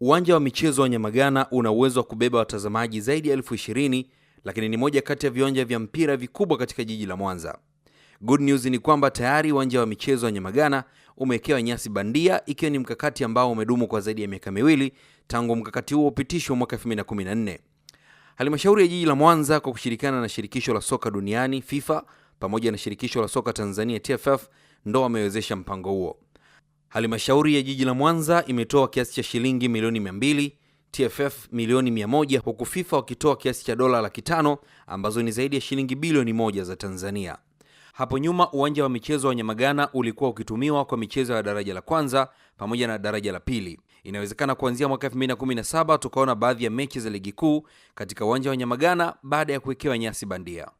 Uwanja wa michezo wa Nyamagana una uwezo wa kubeba watazamaji zaidi ya elfu ishirini lakini ni moja kati ya viwanja vya mpira vikubwa katika jiji la Mwanza. Good news ni kwamba tayari uwanja wa michezo wa Nyamagana umewekewa nyasi bandia ikiwa ni mkakati ambao umedumu kwa zaidi ya miaka miwili tangu mkakati huo upitishwa mwaka 2014. Halmashauri ya jiji la Mwanza kwa kushirikiana na shirikisho la soka duniani FIFA pamoja na shirikisho la soka Tanzania TFF ndo wamewezesha mpango huo. Halmashauri ya jiji la Mwanza imetoa kiasi cha shilingi milioni mia mbili, TFF milioni mia moja huku FIFA wakitoa kiasi cha dola laki tano ambazo ni zaidi ya shilingi bilioni moja za Tanzania. Hapo nyuma uwanja wa michezo wa Nyamagana ulikuwa ukitumiwa kwa michezo ya daraja la kwanza pamoja na daraja la pili. Inawezekana kuanzia mwaka 2017 tukaona baadhi ya mechi za ligi kuu katika uwanja wa Nyamagana baada ya kuwekewa nyasi bandia.